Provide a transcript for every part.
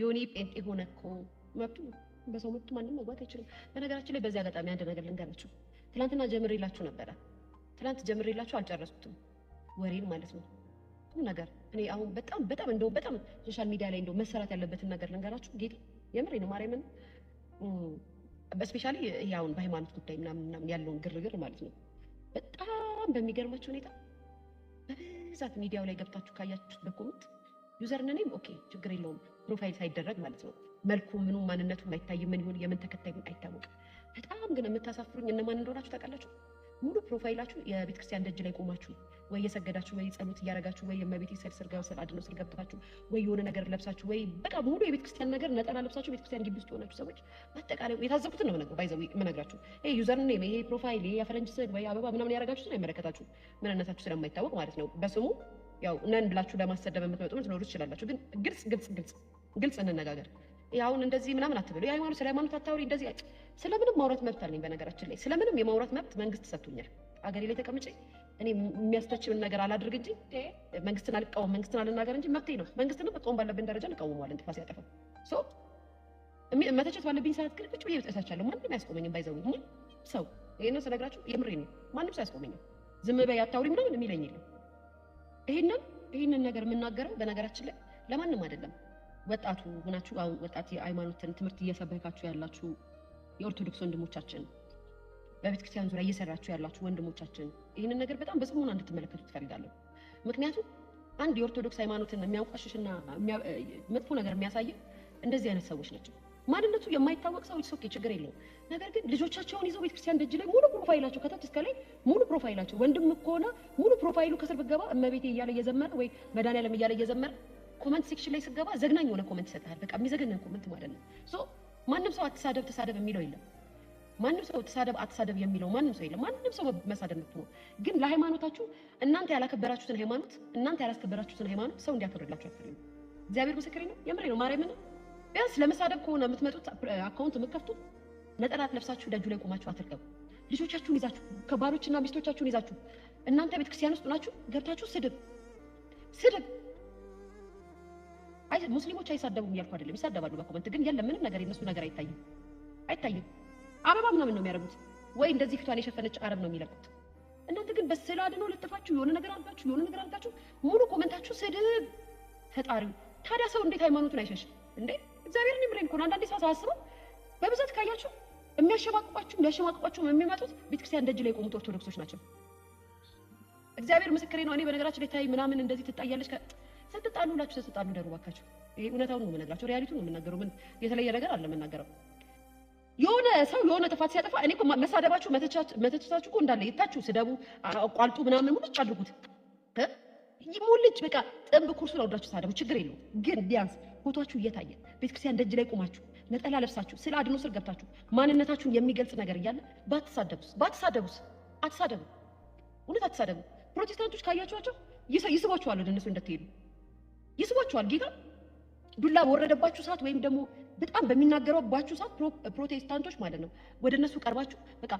የሆኔ ጴንጤ ሆነ እኮ መብቱ ነው። በሰው መብት ማንም መግባት አይችልም። በነገራችን ላይ በዚህ አጋጣሚ አንድ ነገር ልንገራችሁ። ትናንትና ጀምሬላችሁ ነበረ። ትናንት ጀምሬላችሁ አልጨረስኩትም፣ ወሬን ማለት ነው። ሁሉ ነገር እኔ አሁን በጣም በጣም እንደው በጣም ሶሻል ሚዲያ ላይ እንደው መሰራት ያለበትን ነገር ልንገራችሁ። ጌጤ የምሬ ነው ማርያምን በስፔሻሊ ይሄ አሁን በሃይማኖት ጉዳይ ምናምን ምናምን ያለውን ግርግር ማለት ነው። በጣም በሚገርማችሁ ሁኔታ በብዛት ሚዲያው ላይ ገብታችሁ ካያችሁት በኮመንት ዩዘር ነኔም ኦኬ ችግር የለውም ፕሮፋይል ሳይደረግ ማለት ነው። መልኩ ምኑ ማንነቱ አይታይም። ምን ይሁን የምን ተከታይ አይታወቅም። በጣም ግን የምታሳፍሩኝ እነማን እንደሆናችሁ ታውቃላችሁ? ሙሉ ፕሮፋይላችሁ የቤተክርስቲያን ደጅ ላይ ቆማችሁ ወይ የሰገዳችሁ ወይ ጸሎት እያደረጋችሁ ወይ የመቤት ስል ስርጋ ስል አድነው ስል ገብታችሁ ወይ የሆነ ነገር ለብሳችሁ ወይ በቃ ሙሉ የቤተክርስቲያን ነገር ነጠላ ለብሳችሁ ቤተክርስቲያን ግቢ ውስጥ የሆናችሁ ሰዎች በአጠቃላይ የታዘብኩትን ነው ምነግሩ ባይዘው የምነግራችሁ ይሄ ዩዘር ኔም ይሄ ፕሮፋይል ይሄ የፈረንጅ ስል ወይ አበባ ምናምን ያደረጋችሁትን አይመለከታችሁ ምንነታችሁ ስለማይታወቅ ማለት ነው በስሙ ያው ነን ብላችሁ ለማሰደብ የምትመጡ ትኖሩ ትችላላችሁ። ግን ግልጽ ግልጽ ግልጽ ግልጽ እንነጋገር። አሁን እንደዚህ ምናምን አትበሉ። የሃይማኖት ስለ ሃይማኖት አታውሪ እንደዚህ። ስለምንም ማውራት መብት አለኝ። በነገራችን ላይ ስለምንም የማውራት መብት መንግስት ሰጥቶኛል። አገሬ ላይ ተቀምጬ እኔ የሚያስተችምን ነገር አላድርግ እንጂ መንግስትን አልቃወም፣ መንግስትን አልናገር እንጂ መብቴ ነው። መንግስትን መቃወም ባለብን ደረጃ እንቃወመዋለን ጥፋት ሲያጠፋ። መተቸት ባለብኝ ሰዓት ግን ቁጭ ብዬ እተቻለሁ። ማንም አያስቆመኝም። ባይዘው ሰው ይህንን ስነግራችሁ የምሬ ነው። ማንም ሰው አያስቆመኝም። ዝም በይ አታውሪ ምናምን የሚለኝ የለም። ይህንን ይህንን ነገር የምናገረው በነገራችን ላይ ለማንም አይደለም። ወጣቱ ሆናችሁ አሁን ወጣት የሃይማኖትን ትምህርት እየሰበካችሁ ያላችሁ የኦርቶዶክስ ወንድሞቻችን፣ በቤተክርስቲያን ዙሪያ እየሰራችሁ ያላችሁ ወንድሞቻችን ይህንን ነገር በጣም በጽሞና እንድትመለከቱ ትፈልጋለሁ። ምክንያቱም አንድ የኦርቶዶክስ ሃይማኖትን የሚያውቋሽሽና መጥፎ ነገር የሚያሳየው እንደዚህ አይነት ሰዎች ናቸው። ማንነቱ የማይታወቅ ሰው ሶኬ ችግር የለውም። ነገር ግን ልጆቻቸውን ይዘው ቤተክርስቲያን ደጅ ላይ ሙሉ ፕሮፋይላቸው ከታች እስከ ላይ ሙሉ ፕሮፋይላቸው ወንድም ከሆነ ሙሉ ፕሮፋይሉ ከስር ብገባ እመቤቴ እያለ እየዘመረ ወይ መድኃኒዓለም እያለ እየዘመረ ኮመንት ሴክሽን ላይ ስገባ ዘግናኝ የሆነ ኮመንት ይሰጣል በቃ የሚዘገነን ኮመንት ማለት ነው። ሶ ማንም ሰው አትሳደብ ተሳደብ የሚለው የለም። ማንም ሰው ተሳደብ አትሳደብ የሚለው ማንም ሰው የለም። ማንም ሰው መሳደብ መብቱ ነው። ግን ለሃይማኖታችሁ እናንተ ያላከበራችሁትን ሃይማኖት እናንተ ያላስከበራችሁትን ሃይማኖት ሰው እንዲያከብርላችሁ አትፈልጉ። እግዚአብሔር ምስክሬ ነው። የምሬ ነው። ነው። ቢያንስ ለመሳደብ ከሆነ የምትመጡት አካውንት የምትከፍቱት ነጠላት ለብሳችሁ ደጁ ላይ ቆማችሁ አትርገቡ። ልጆቻችሁን ይዛችሁ ከባሎችና ሚስቶቻችሁን ይዛችሁ እናንተ ቤተክርስቲያን ውስጥ ናችሁ ገብታችሁ ስድብ ስድብ። ሙስሊሞች አይሳደቡም እያልኩ አይደለም፣ ይሳደባሉ በኮመንት ግን የለም ምንም ነገር የነሱ ነገር አይታይም አይታይም። አበባ ምናምን ነው የሚያደርጉት ወይ እንደዚህ ፊቷን የሸፈነች አረብ ነው የሚለቁት። እናንተ ግን በስዕል አድኖ ለጥፋችሁ የሆነ ነገር አድርጋችሁ የሆነ ነገር አድርጋችሁ ሙሉ ኮመንታችሁ ስድብ። ፈጣሪው ታዲያ ሰው እንዴት ሃይማኖቱን አይሸሽም እንዴ? እግዚአብሔርን ይምረኝ እኮ ነው አንዳንዴ ሳስበው የሚያሸማቅቋችሁም ሊያሸማቅቋችሁም የሚመጡት ቤተክርስቲያን ደጅ ላይ የቆሙት ኦርቶዶክሶች ናቸው። እግዚአብሔር ምስክሬ ነው። እኔ በነገራችን ላይ ታይ ምናምን እንደዚህ ትጣያለች ስትጣሉ ሁላችሁ ስትጣሉ ደሩ ባካችሁ። ይሄ እውነታውን ነው የምነግራቸው፣ ሪያሊቲውን ነው የምናገረው። ምን የተለየ ነገር አለ የምናገረው። የሆነ ሰው የሆነ ጥፋት ሲያጠፋ እኔ እኮ መሳደባችሁ መተቻችሁ እኮ እንዳለ የታችሁ ስደቡ፣ አቋልጡ፣ ምናምን ሙልጭ አድርጉት። ሙልጭ በቃ ጥንብ ኩርሱ አውዳችሁ ሳደቡ ችግር የለው። ግን ቢያንስ ፎቶችሁ እየታየ ቤተክርስቲያን ደጅ ላይ ቁማችሁ ነጠላ ለብሳችሁ ስለ አድኖ ስር ገብታችሁ ማንነታችሁን የሚገልጽ ነገር እያለ ባትሳደቡስ ባትሳደቡስ አትሳደቡ፣ እውነት አትሳደቡ። ፕሮቴስታንቶች ካያችኋቸው ይስቧችኋል፣ ወደ እነሱ እንደትሄዱ ይስቧችኋል። ጌታ ዱላ በወረደባችሁ ሰዓት ወይም ደግሞ በጣም በሚናገረባችሁ ሰዓት ፕሮቴስታንቶች ማለት ነው ወደ እነሱ ቀርባችሁ በቃ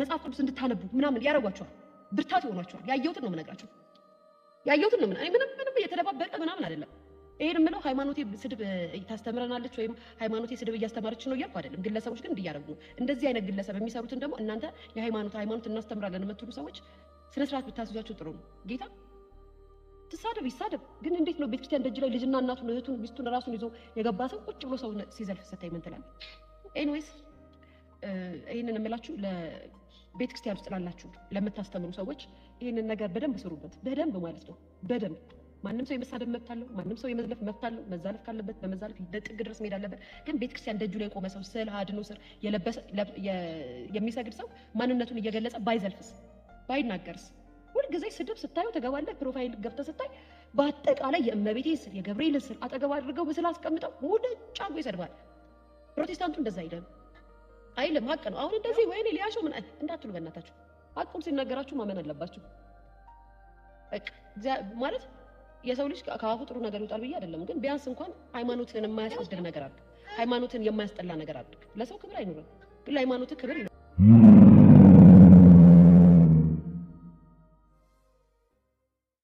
መጽሐፍ ቅዱስ እንድታነቡ ምናምን ያደርጓችኋል። ብርታት ይሆኗችኋል። ያየሁትን ነው የምነግራችሁ፣ ያየሁትን ነው ምንም ምንም እየተደባበቀ ምናምን አይደለም። ይሄን የምለው ሃይማኖቴ ስድብ ታስተምረናለች ወይም ሃይማኖቴ ስድብ እያስተማረች ነው እያልኩ አይደለም። ግለሰቦች ግን እንዲያደርጉ እንደዚህ አይነት ግለሰብ የሚሰሩትን ደግሞ እናንተ የሃይማኖት ሃይማኖት እናስተምራለን የምትሉ ሰዎች ስነስርዓት ስርዓት ብታስዟቸው ጥሩ ነው። ጌታ ትሳደብ ይሳደብ፣ ግን እንዴት ነው ቤተክርስቲያን ደጅ ላይ ልጅና እናቱን እህቱን ሚስቱን ራሱን ይዞ የገባ ሰው ቁጭ ብሎ ሰው ሲዘልፍ ስታይ ምን ትላለህ? ኤኒዌይስ ይህንን የምላችሁ ቤተክርስቲያን ውስጥ ላላችሁ ለምታስተምሩ ሰዎች ይህንን ነገር በደንብ ስሩበት፣ በደንብ ማለት ነው በደንብ ማንም ሰው የመሳደብ መብት አለው። ማንም ሰው የመዝለፍ መብት አለው። መዛለፍ ካለበት በመዛለፍ ለጥግ ድረስ መሄድ አለበት። ግን ቤተክርስቲያን ደጁ ላይ ቆመ ሰው ስዕል አድኖ ስር የሚሰግድ ሰው ማንነቱን እየገለጸ ባይዘልፍስ ባይናገርስ? ሁልጊዜ ስድብ ስታዩ ትገባለህ። ፕሮፋይል ገብተህ ስታይ በአጠቃላይ የእመቤቴ ስል የገብርኤል ስል አጠገብ አድርገው ምስል አስቀምጠው ወደ ጫጎ ይሰድባል። ፕሮቴስታንቱ እንደዛ አይደለም አይልም። ሀቅ ነው። አሁን እንደዚህ ወይኔ ሊያሾው ምን እንዳትሉ በእናታችሁ ሀቁን ሲነገራችሁ ማመን አለባችሁ ማለት የሰው ልጅ ከአፉ ጥሩ ነገር ይወጣል ብዬ አይደለም፣ ግን ቢያንስ እንኳን ሃይማኖትን የማያስወድድ ነገር አድርግ። ሃይማኖትን የማያስጠላ ነገር አድርግ። ለሰው ክብር አይኑርም፣ ግን ለሃይማኖት ክብር